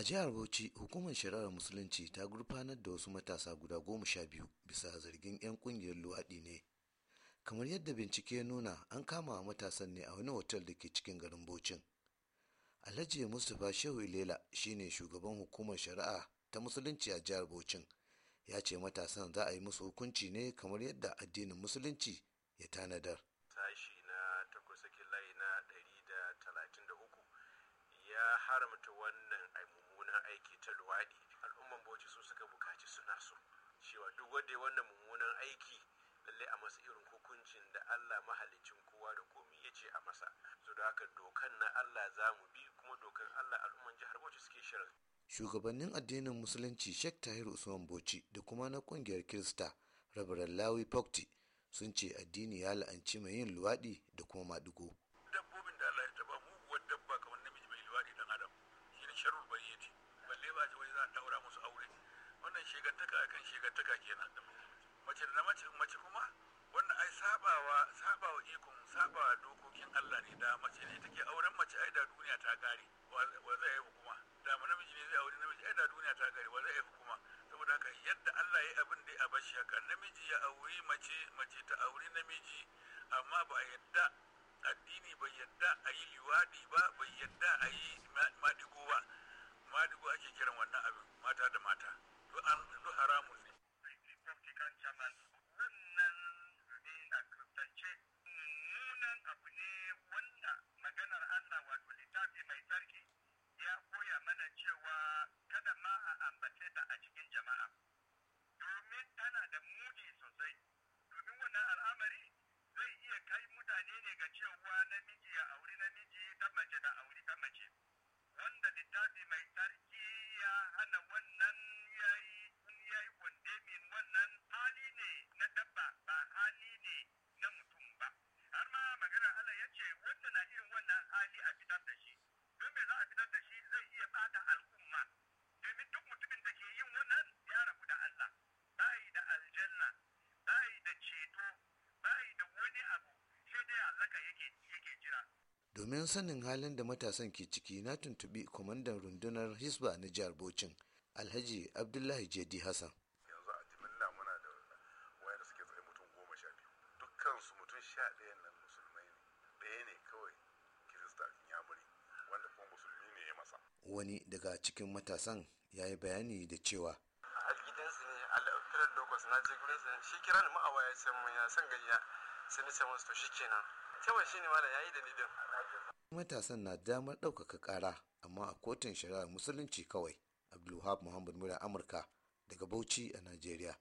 a jihar bauchi hukumar shari'ar musulunci ta gurfanar da wasu matasa guda goma sha biyu bisa zargin 'yan kungiyar luwaɗi ne kamar yadda bincike ya nuna an kama matasan ne a wani otal da ke cikin garin bauchin alhaji mustapha shehu ilela shine shugaban hukumar shari'a ta musulunci a jihar bauchin ya ce matasan za a yi musu hukunci ne kamar yadda addinin musulunci ya tanadar ya haramta wannan mummunan aiki ta luwaɗi al'umman bauchi su suka bukaci suna so cewa duk wanda wannan mummunan aiki lalle a masa irin hukuncin da Allah mahalicin kowa da komi ya ce a masa su da haka dokan na Allah za mu bi kuma dokan Allah al'umman jihar Bauchi suke shirin shugabannin addinin musulunci shek Tahir Usman Bauchi da kuma na kungiyar Kirista Rabaran Lawi Pokti sun ce addini ya la'anci mai yin luwaɗi da kuma maɗigo. shigantaka akan shigantaka ɗin mace da mace mace kuma wannan ai sabawa sabawa ikon sabawa dokokin Allah ne da mace ne take auren mace ai da duniya ta kare wa zai yi hukuma da mu namiji ne zai aure namiji ai da duniya ta kare wa zai yi hukuma saboda haka yadda Allah ya abin da ya bashi haka namiji ya auri mace mace ta auri namiji amma ba a yadda addini bai yadda a yi liwaɗi ba bai yadda a yi maɗigo ba maɗigo ake kiran wannan abin mata da mata da mai sarki ya hana wannan yayi yi kwandemin wannan hali ne na dabba ba hali ne na mutum ba har ma maganar Allah ya ce wanda na irin wannan hali a fitar da shi don me za a fitar da shi zai iya bada al'umma domin duk mutumin da ke yin wannan ya rabu da Allah bayi da aljanna bayi da ceto bayi da wani abu sai dai Allah yake yake domin sanin halin da matasan ke ciki na tuntubi kwamandan rundunar hisba na jihar bocin alhaji abdullahi jedi hassan yanzu a jimilla muna da wayar suke tsaye mutum goma sha biyu dukkansu mutum sha ɗayan nan musulmai ne ɗaya ne kawai kirista inyamuri wanda kuma musulmi ne ya masa wani daga cikin matasan ya yi bayani da cewa a gidansu ne al'adar dokos na je gudansu shi kiran ma'awa ya ce mun ya san gayya sai na ce musu to shi kenan kawai shine da yayi dalilin matasan na damar ɗaukaka ƙara amma a kotun shari'ar musulunci kawai abdulwahab muhammad mura amurka daga bauchi a najeriya